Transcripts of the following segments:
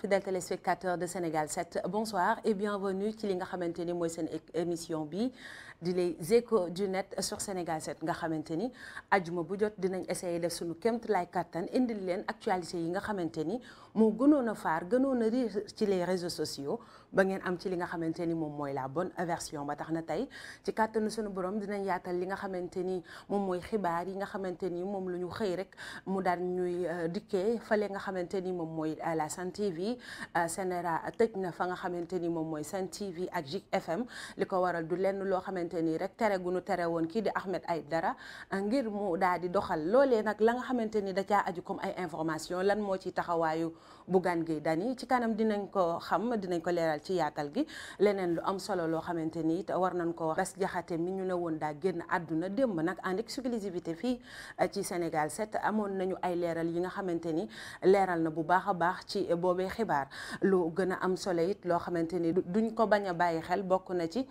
fidèles téléspectateurs de Sénégal 7 bonsoir et bienvenue ci li nga xamante ni mooy seen émission bi di les échos du net sur Sénégal 7 nga xamante ni ajuma bu jot dinañ essayer def suñu kemt lay kattan indil leen actualité yi nga xamante ni moo gënoon a faar gënoon a ci les réseaux sociaux ba ngeen am ci li nga xamante ni moom mooy la bon version ba tax na tey ci kattanu suñu borom dinañ yaatal li nga xamante ni moom mooy xibaar yi nga xamante ni moom la ñu xëy rek mu daan ñuy euh, dikkee fale nga xamante ni moom mooy euh, la Sen TV euh, Sénéra tëj na fa nga xamante ni moom mooy Sen TV ak JIK FM li ko waral du lenn loo xamante xamante ni rek tere gu nu tere woon kii di ay dara ah, ngir mu daal di doxal loolee nag la nga xamante ni da caa aju comme ay information lan moo ci taxawaayu Bougane gi Dany ci kanam dinañ ko xam dinañ ko leeral ci yaatal gi leneen lu am solo loo xamante ni it war nañ ko wax Bass Diakhaté mi ñu ne woon daa génn àdduna démb nag en exclusivité fii ah, ci Sénégal set amoon nañu ay leeral yi nga xamante ni leeral na bu baax a baax ci boobee xibaar loo gën a am solo it loo xamante ni duñ ko bañ a bàyyi xel bokk na ci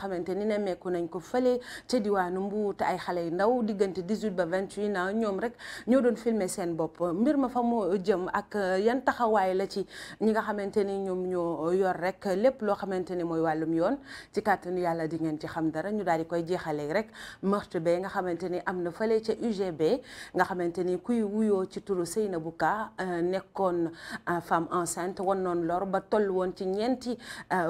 xamante ni nemmeeku nañ ko fële ca diwaanu Mbuur te ay xale yu ndaw diggante 18 ba 28 ans ñoom rek ñoo doon filmer seen bopp mbir ma fa mu jëm ak yan taxawaay la ci ñi nga xamante ni ñoom ñoo yor rek lépp loo xamante ni mooy wàllum yoon ci kàttanu yàlla di ngeen ci xam dara ñu daal di koy jeexalee rek meurtre ba nga xamante ni am na fële ci UGB nga xamante ni kuy wuyoo ci turu Seynabou Ka euh, nekkoon euh, femme enceinte wan noon lor ba toll woon ci ñeenti euh,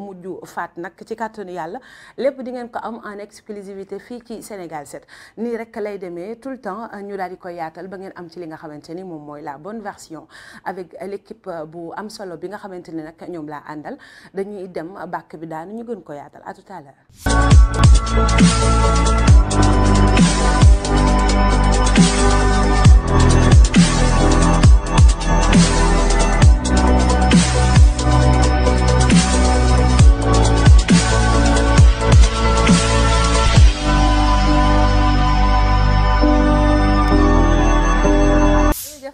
mujj faat nag ci kàttanu yàlla lépp di ngeen ko am en exclusivité fii ci Sénégal 7 nii rek lay demee tout le temps ñu daal di koy yaatal ba ngeen am ci li nga xamante ni moom mooy la bonne version avec l'équipe bu am solo bi nga xamante ni nag ñoom laa àndal dañuy dem bàkk bi daanu ñu gën ko yaatal à tout à l'heure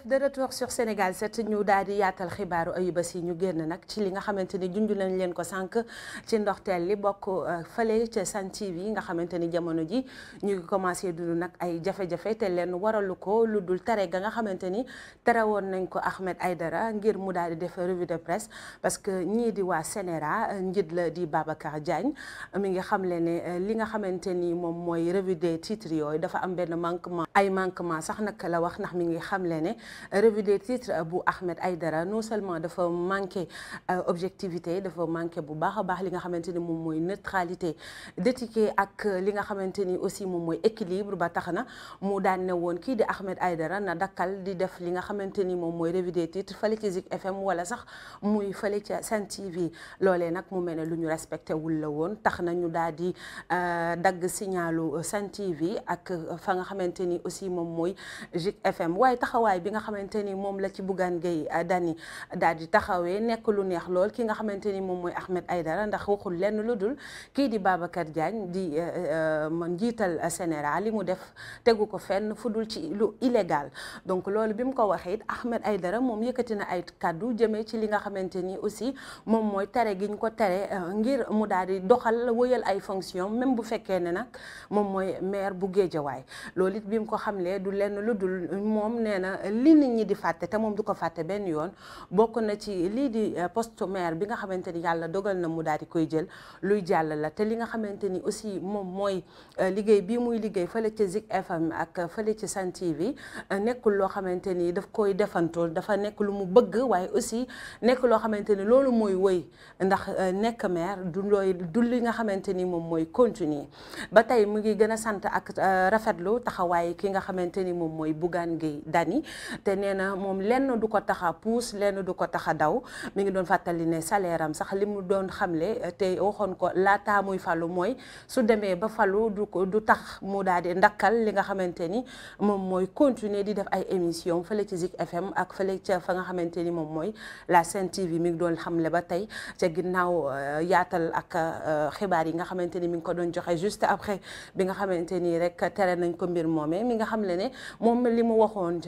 def de retour sur Sénégal 7 ñu daal di yaatal xibaaru ayubés yi ñu génn nag ci li nga xamante ni junj nañ leen ko sànq ci ndox ndoxteel li bokk euh, fële ca Sen TV nga xamante ni jamono ji ñu ngi commencé dund nag ay jafe-jafe te leen waralu ko lu dul tere ga nga xamante ni tere woon nañ ko Ahmed dara ngir mu daal di def revue de presse parce que ñii di waa senera euh, njiit la di Babacar Diagne euh, mi ngi xamle ne li nga xamante ni moom mooy revue des titres yooyu dafa am benn manquement ay manquement sax nag la wax ndax mi ngi xamle ne revue des titres bu Ahmed Aïdara non seulement dafa manqué euh, objectivité dafa manqué bu baax a baax li nga xamante ni moom mooy neutralité d'éthique ak li nga xamante ni aussi moom mooy équilibre ba tax na mu daan ne woon kii di Ahmed Aïdara na dakkal di def li nga xamante ni moom mooy revue des titres fële ci Zik FM wala sax muy fële ca Sen TV loolee nag mu mel ne lu ñu respecté wul la woon tax na ñu daal di euh, dagg signalu Sen TV ak fa nga xamante ni aussi moom mooy xamante ni moom la ci Bougane Gueye euh, Dany daal di taxawee nekk lu neex lool ki nga xamante ni moom mooy Ahmed Aidara ndax waxul lenn lu dul kii di Babacar Diagne di euh, euh, njiital sénéral li mu def tegu ko fenn fu dul ci lu illégal donc loolu bi mu ko waxee it ay dara moom yëkkati na ay kaddu jëmee ci li nga xamante ni aussi moom mooy tere gi ñu ko tere ngir mu daal di doxal wëyal ay fonction même bu fekkee ne nag moom mooy maire bu Guédiawaye loolu bi mu ko xamlee nit ñi di fàtte te moom du ko fàtte benn yoon bokk na ci lii di euh, poste maire bi nga xamante ni yàlla dogal na mu daal di koy jël luy jàll la te li nga xamante ni aussi moom mooy euh, liggéey bi muy liggéey fële ci Zik FM ak fële ci Sen TV euh, nekkul loo xamante ni daf koy defantool dafa nekk lu mu bëgg waaye aussi nekk loo xamante ni loolu mooy woy ndax nekk maire du looy du li nga xamante ni moom mooy continuer ba tey mu ngi gën a sant ak rafetlu taxawaay ki nga xamante ni moom mooy Bougane Gueye Dany te nee na moom lenn du ko tax a lenn du ko tax a daw mi ngi doon fàttali ne salaire am sax li mu doon xamle te waxoon ko laataa muy falu mooy su demee ba falu du ko du tax mu daal di ndakkal li nga xamante ni moom mooy continuer di def ay émission fële FM ak fële fa nga xamante ni moom mooy la Sen TV mi ngi doon xamle ba tey ca ginnaaw euh, yaatal ak euh, xibaar yi nga xamante ni mu ngi ko doon joxe juste après bi nga xamante ni rek tere nañ ko mbir moomee mi nga xam le ne moom li mu waxoon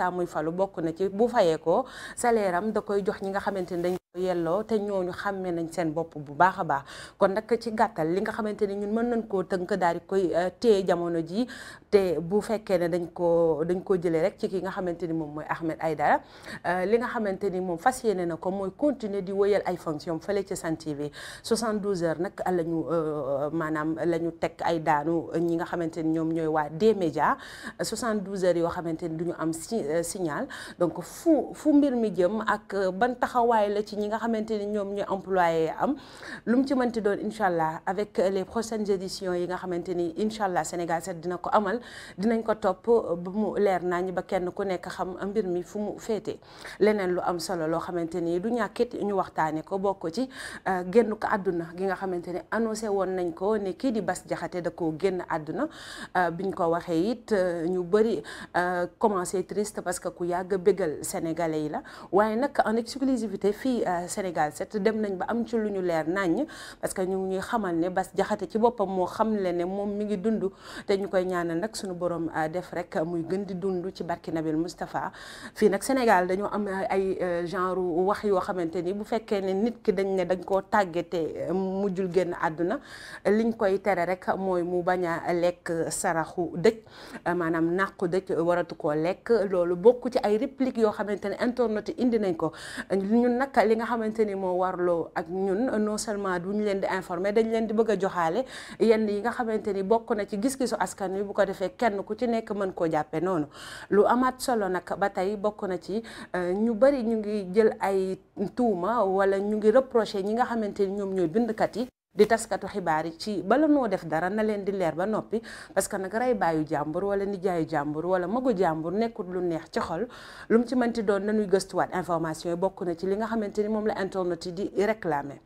laataa falu bokk na ci bu fayee ko salaire am da koy jox ñi nga xamante ni dañ yelloo te ñooñu xàmmee nañ seen bopp bu baax a baax kon nag ci gàttal li nga xamante ni ñun mën nañ koo tënk daal di koy euh, téye jamono ji te bu fekkee ne dañ koo dañ koo jëlee rek ci ki nga xamante ni moom mooy Ahmed Aïdara euh, li nga xamante ni moom fas yéene na ko mooy continuer di wëyal ay fonction fële ci Sen TV 72 heures nag la ñu euh, maanaam la ñu teg ay daanu ñi nga xamante ni ñoom ñooy waa D-Média 72 heures yoo xamante ni duñu ñu am signal donc fu fu mbir mi jëm ak ban taxawaay la ci ñi nga xamante ni ñoom ñu employé am lu mu ci manti doon incha allah avec les prochaines éditions yi nga xamante ni incha allah Sénégal set dina ko amal dinañ ko topp ba mu leer nañ ba kenn ku nekk xam mbir mi fu mu féete leneen lu am solo loo xamante ni du ñàkkit ñu waxtaane ko bokk ci euh, génn ko àdduna gi nga xamante ni annoncé woon nañ ko ne kii di bas Diakhaté da koo génn àdduna euh, biñ ko waxee it euh, ñu bëri commencé triste parce que ku yàgg bégal sénégalais yi la waa Sénégal 7 dem nañ ba am ci lu ñu leer naññ parce que ñu ngi ñuy xamal ne Bass Diakhaté ci boppam moo xam le ne moom mu ngi dund te ñu koy ñaanal nag suñu boroom euh, def rek muy gën di dund ci barki Nabil Moustapha fii nag Sénégal dañoo am euh, ay euh, genre wax yoo xamante ni bu fekkee ne nit ki dañ ne dañ koo tàggate mujjul génn àdduna liñ koy tere rek mooy mu bañ a lekk saraxu dëj maanaam nàqu dëj waratu ko lekk loolu bokk ci ay répliques yoo xamante ne internet indi nañ ko nga xamante ni moo warloo ak ñun non seulement ñu leen di informer dañ leen di bëgg a joxaale yenn yi nga xamante ni bokk na ci gis-gisu askan wi bu ko defee kenn ku ci nekk mën koo jàppee noonu lu amaat solo nag ba tey bokk na ci euh, ñu bari ñu ngi jël ay tuuma wala ñu ngi reproché ñi nga xamante ni ñoom ñooy bindkat yi di taskatu xibaar yi ci bala noo def dara na leen di leer ba noppi parce que nag rey bàyyu jàmbur wala nijaayu jàmbur wala magu jàmbur nekkut lu neex ci xol lu mu ci mënti doon nañuy gëstuwaat information yi bokk na ci li nga xamante ni moom la internet yi di réclamer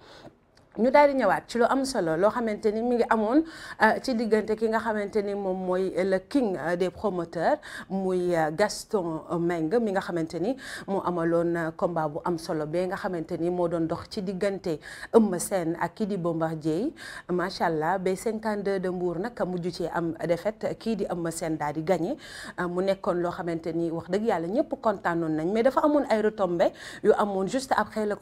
ñu daal di ñëwaat ci lu am solo loo xamante ni mu ngi amoon euh, ci diggante ki nga xamante ni moom mooy le king euh, des promoteurs muy euh, Gaston Mbengue mi nga xamante ni moo amaloon combat bu am solo bee nga xamante ni moo doon dox ci diggante Eumeu seen ak kii di Bombardier macha allah ba 52 de Mbour nag mujj ci am défaite kii di Eumeu seen daal di gagné mu nekkoon loo xamante ni wax dëgg yàlla ñëpp kontaanoon nañ mais dafa amoon ay retombées yu amoon juste après le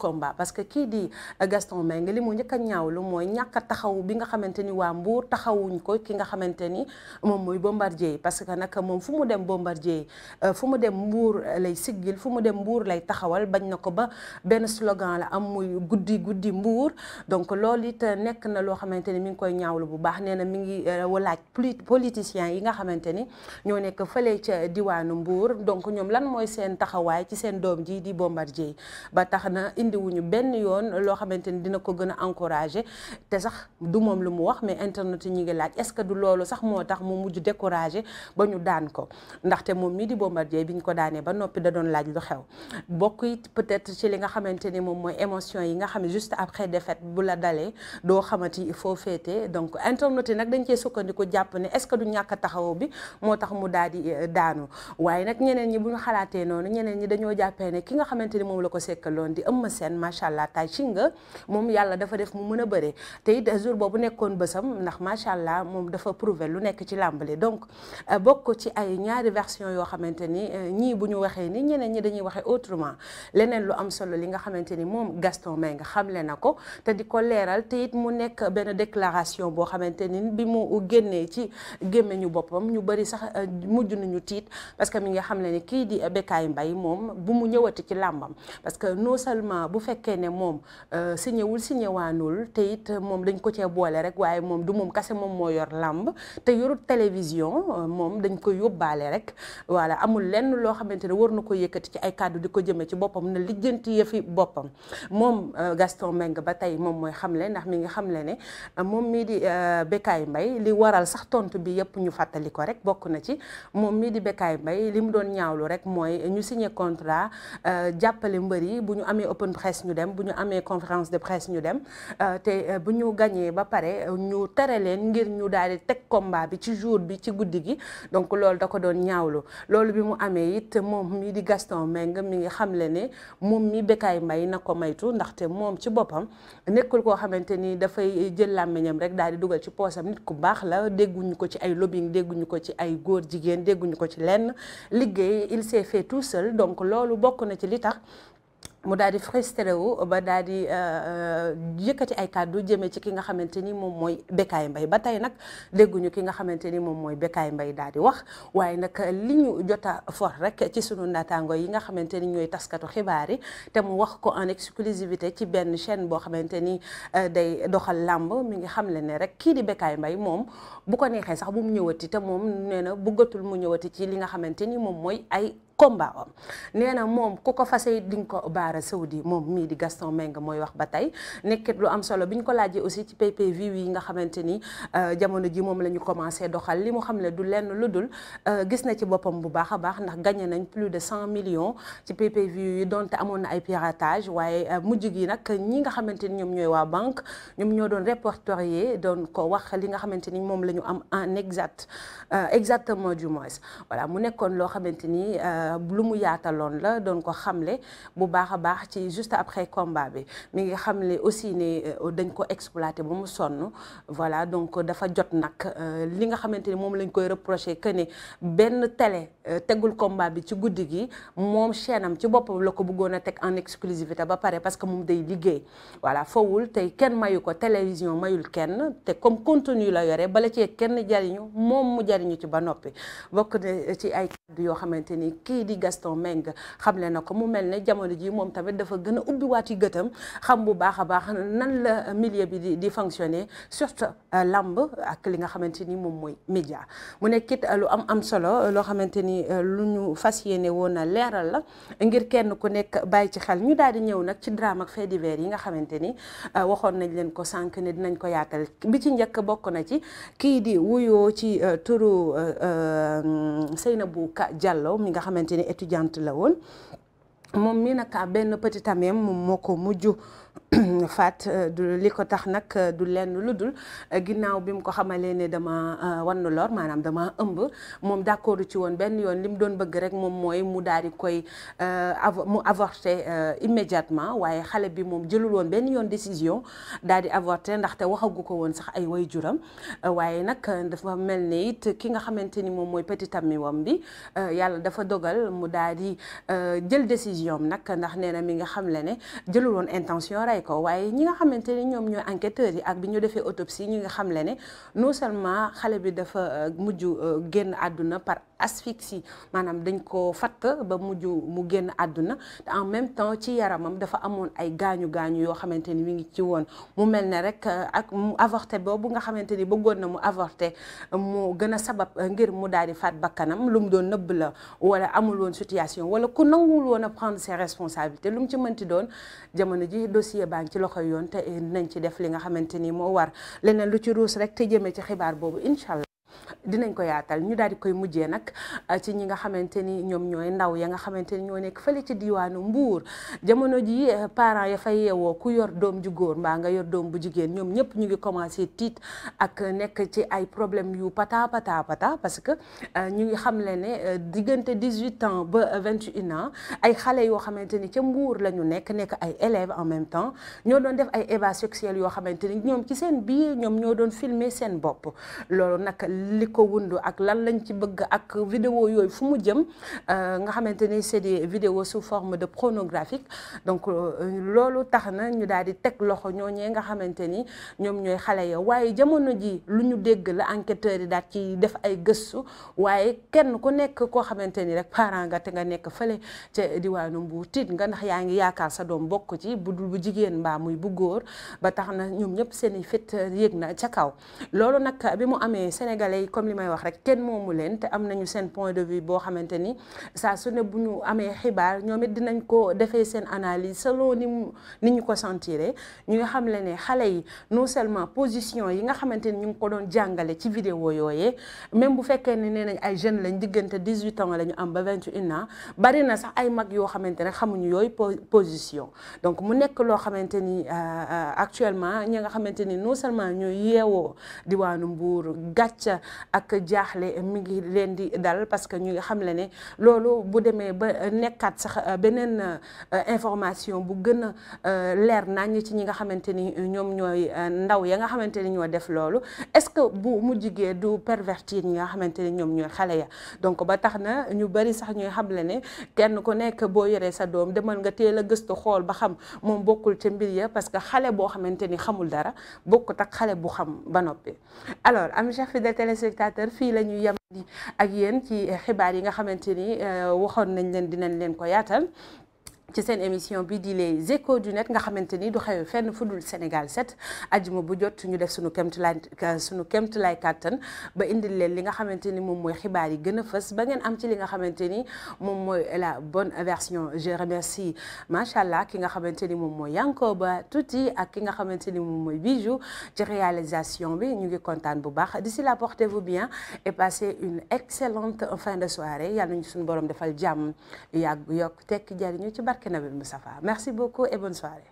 njëkk a ñaawlu mooy ñàkk a taxaw bi nga xamante ni waa Mbour taxawuñ ko ki nga xamante ni moom mooy Bombardier parce que nag moom fu mu dem Bombardier euh, fu mu dem mbuur lay siggil fu mu dem mbuur lay taxawal bañ na ko ba benn slogan la am muy guddi guddi Mbour donc loolu it nekk na loo xamante ni mu ngi koy ñaawlu bu baax nee na mi ngi euh, walaaj politiciens yi nga xamante ni ñoo nekk fële ca diwaanu mbuur donc ñoom lan mooy seen taxawaay ci seen doom ji di Bombardier ba tax na indiwuñu benn yoon loo xamante ni dina ko gën encouragé te sax du moom lu mu wax mais internet yi ñu ngi laaj est-ce que du loolu sax moo tax mu mujj découragé ba ñu daan ko ndaxte moom mii di boo bombardier bi ñu ko daanee ba noppi da doon laaj lu xew bokk yi peut-être ci li nga xamante ni moom mooy émotion yi nga xam ne juste après défaite bu la dalee doo xamante il faut féete donc internet yi nag dañ cee sukkandiku jàpp ne est-ce que du ñàkk taxaw bi moo tax mu daal di euh, daanu waaye nag ñeneen ñi bu ñu xalaatee noonu ñeneen ñi dañoo jàppee ne ki nga xamante ni moom la ko sekkaloon di Eumeu Sène macha allah tay ci nga moom yàlla dafa def mu mën a bëre te it jour boobu nekkoon bësam ndax macha allah moom dafa prouver lu nekk ci làmbale donc euh, bokk ci ay ñaari version yoo xamante ni euh, ñii bu ñu waxee ni ñeneen ñi dañuy waxee autrement leneen lu am solo li nga xamante ni moom Gaston Mbengue xamle na ko te di ko leeral te it mu nekk benn déclaration boo xamante ni bi mu génnee ci gémmiñu boppam ñu bëri sax euh, mujj nañu tiit parce que mi nga xam ne ni kii di Bécaye mbay moom bu mu ñëwati ci làmbam parce que non seulement bu fekkee ne moom signé wul signé waa fanaanul te it moom dañ ko cee boole rek waaye moom du moom kase moom moo yor làmb te yorut télévision euh, moom dañ ko yóbbaale rek voilà amul lenn loo xamante ne war na ko yëkkati ci ay kàddu di ko jëmee ci boppam lijjanti yëfi boppam moom euh, Gaston Mbengue ba tey moom mooy xamle ndax mi ngi xamle ne euh, moom mii di Bécaye mbay li waral sax tontu bi yëpp ñu fàttali ko rek bokk na ci moom mii di Bécaye mbay li mu doon ñaawlu rek mooy ñu signé contrat jàppale mbër yi bu ñu amee open press ñu dem bu ñu amee conférence de presse ñu dem Euh, te euh, bu ñu gañee ba pare euh, ñu tere leen ngir ñu daal di teg combat bi ci jour bi ci guddi gi donc loolu da ko doon ñaawlu loolu bi mu amee it moom mi di Gaston Mbengue mi ngi xamle ne moom mi Bécaye Mbaye na ko maytu ndaxte moom ci boppam nekkul koo xamante ni dafay jël làmmiñam rek daal di dugal ci poosam nit ku baax la dégguñu ko ci ay lobbying dégguñu ko ci ay góor jigéen dégguñu ko ci lenn liggéey il s'est fait tout donc loolu bokk na ci li tax mu daal di frustré wu ba daal di euh, euh, yëkkati ay kàddu jëmee ci ki nga xamante ni moom mooy Bécaye mbay ba tey nag dégguñu ki nga xamante ni moom mooy Bécaye Mbaye daal di wax waaye nag li ñu jot a for rek ci sunu naataango yi nga xamante ni ñooy taskatu xibaar yi te mu wax ko en exclusivité ci benn chaîne boo xamante ni euh, day doxal làmb mi ngi xamle ne rek kii di bekkaay mbay moom bu ko neexee sax bu mu ñëwati te moom nee na bëggatul mu ñëwati ci li nga xamante ni moom mooy ay combat am nee na moom ku ko fase it di nga ko baara saudi moom mii di Gaston Mbengue mooy wax ba tey nekkit lu am solo bi ñu ko laajee aussi ci PPV yi nga xamante ni euh, jamono ji moom la ñu commencé doxal li mu xam ne du lenn lu dul euh, gis na ci boppam bu baax a baax ndax gagné nañ plus de cent millions ci PPV yi donte amoon na ay piratage waaye euh, mujj gi nag ñi nga xamante ni ñoom ñooy waa banque ñoom ñoo doon répertorier doon ko wax li nga xamante ni moom la ñu am en exact exactement du moins voilà mu nekkoon loo xamante ni Euh, lu mu yaataloon la doon ko xamle bu baax a baax ci juste après combat bi mi ngi xamle aussi ne euh, dañ ko exploité ba mu sonn voilà donc dafa jot nag euh, li nga xamante ni moom lañ koy reproché que ne benn tele tegul combat bi ci guddi gi moom chaîne am ci boppam la ko bëggoon a teg en exclusivité ba pare parce que moom day liggéey voilà fowul tey kenn mayu ko télévision mayul kenn te comme contenu la yore bala cee kenn jariñu moom mu jariñu ci ba noppi bokk kii di Gaston Mbengue xamle na ko mu mel ne jamono ji moom tamit dafa gën a ubbiwaat yi gëtam xam bu baax a baax nan la milieu bi di di fonctionner surtout euh, lamb ak li nga xamante ni moom mooy média mu nekkit euh, lu am am solo euh, loo xamante ni lu ñu fas yéene woon a leeral la ngir kenn ku nekk bàyyi ci xel ñu daal di ñëw nag ci drame ak fait divers yi nga xamante ni waxoon nañ leen ko sànq ne dinañ ko yaatal bi ci njëkk bokk na ci kii di wuyoo ci turu Seynabou Ka Diallo mi nga xamante xamante ni étudiante la woon moom mii nag ah, benn petit moom moo ko mujj faat euh, du li ko tax nag euh, du lenn lu dul euh, ginnaaw bi mu ko xamalee ne dama wann lor maanaam dama ëmb moom d'accordu ci woon benn yoon li mu doon bëgg rek moom mooy mu daal di koy mu avorté immédiatement waaye xale bi moom jëlul woon benn yoon décision daal di avorté ndaxte waxagu ko woon sax ay way juram waaye nag dafa mel ne it ki nga xamante ni moom mooy petit mi wam bi yàlla dafa dogal mu daal di jël décision nag ndax nee mi nga xam le ne jëlul woon intention rey ko waaye ñi nga xamante ne ñoom ñooy enquêteurs yi ak bi ñu defee autopsie ñi nga xam le ne noo seulement xale bi dafa euh, mujj euh, génn àdduna par asphyxie maanaam dañ ko fatt ba mujj mu génn àdduna te en même temps ci yaramam dafa amoon ay gaañu gaañu yoo xamante ni mu ngi ci woon mu mel ne rek euh, ak mu avorté boobu nga xamante ni bëggoon na mu avorté mu gën a sabab euh, ngir mu daal di faat bakkanam lu mu doon nëbb la wala amul woon situation wala ku nanguwul woon a prendre ses responsabilités lu mu ci mënti doon jamono ji dossier baa ngi ci loxo yoon te euh, nañ ci def li nga xamante ni moo war leneen lu ci ruus rek te jëmee ci xibaar incha allah dinañ ko yaatal ñu daal di koy mujjee nag ah, ci ñi nga xamante ni ñoom ñooy ndaw ya nga xamante ni ñoo nekk fële ci diwaanu Mbuur jamono ji eh, parent ya fa yeewoo ku yor doom ju góor mbaa nga yor doom bu jigéen ñoom ñëpp ñu ngi commencé tiit ak nekk ci ay problème yu pata pata pata parce que ah, ñu ngi xam le ne eh, diggante dix-huit ans ba vingt et ans ay xale yoo xamante ni ca Mbuur la ñu nekk nekk ay élèves en même temps ñoo doon def ay ébats sexuels yoo xamante ni ñoom ci seen biir ñoom ñoo doon filmer seen bopp ko wund ak lan lañ ci bëgg ak vidéo yooyu fu mu jëm euh, nga xamante ni c'est des vidéos sous forme de pornographique donc euh, loolu tax na ñu daal di teg loxo ñooñee nga xamante ni ñoom ñooy xale ya waaye jamono ji lu ñu dégg la enquêteurs yi daal ci def ay gëstu waaye kenn ku nekk koo xamante ni rek parent nga te nga nekk fële ca diwaanu Mbuur tiit nga ndax yaa ngi yaakaar sa doom bokk ci bu dul bu jigéen mbaam muy bu góor ba tax na ñoom ñëpp seen i fit yéeg na ca kaw comme li may wax rek kenn moomu leen te am nañu seen point de vue boo xamante ni saa su ne bu ñu amee xibaar ñoom it dinañ ko defee seen analyse selon ni mu ni ñu ko sentiree ñu nga xam le ne xale yi non seulement position yi nga xamante ni ñu ngi ko doon jàngale ci vidéo yooyee même bu fekkee ne nee nañ ay jeunes lañ diggante 18 ans la ñu am ba 21 ans bari na sax ay mag yoo xamante ne xamuñu yooyu position donc mu nekk loo xamante ni euh, euh, actuellement ñi nga xamante ni non seulement ñooy yeewoo diwaanu Mbuur ak jaaxle mu ngi leen di dal parce que ñu ngi xam le ne loolu bu demee ba nekkaat sax euh, beneen euh, information bu gën a euh, leer nañ ci ñi nga xamante ni ñoom ñooy ndaw ya nga xamante ni ñoo def loolu est-ce que bu mujjigee du pervertir nga xamante ni ñoom ñooy xale ya donc ba tax na ñu bari sax ñuy xam le ne kenn ku nekk boo yoree sa doom demal nga teel a gëstu xool ba xam moom bokkul ca mbir ya parce que xale boo xamante ni xamul dara bokkut ak xale bu xam ba noppi alors am chef de téléspectateur téléspectateurs fii la ñuy yem ak yéen ci xibaar yi nga xamante ni euh, waxoon nañ leen dinañ leen ko yaatal ci seen émission bi di les échos du net nga xamante ni du xew fenn fudul Sénégal 7 ajuma bu jot ñu def sunu kemt lay sunu kemt lay kàttan ba indil leen li nga xamante ni moom mooy xibaar yi gën a fës ba ngeen am ci li nga xamante ni moom mooy la bonne version je remercie macha allah ki nga xamante ni moom mooy ba Tuuti ak ki nga xamante ni moom mooy Bijou ci réalisation bi ñu ngi kontaan bu baax di si la portez-vous bien et passez une excellente fin de soirée yàlla ñu suñu borom defal jàmm yàgg yokk tekk Barke Nabil Moustapha merci beaucoup et bonne soirée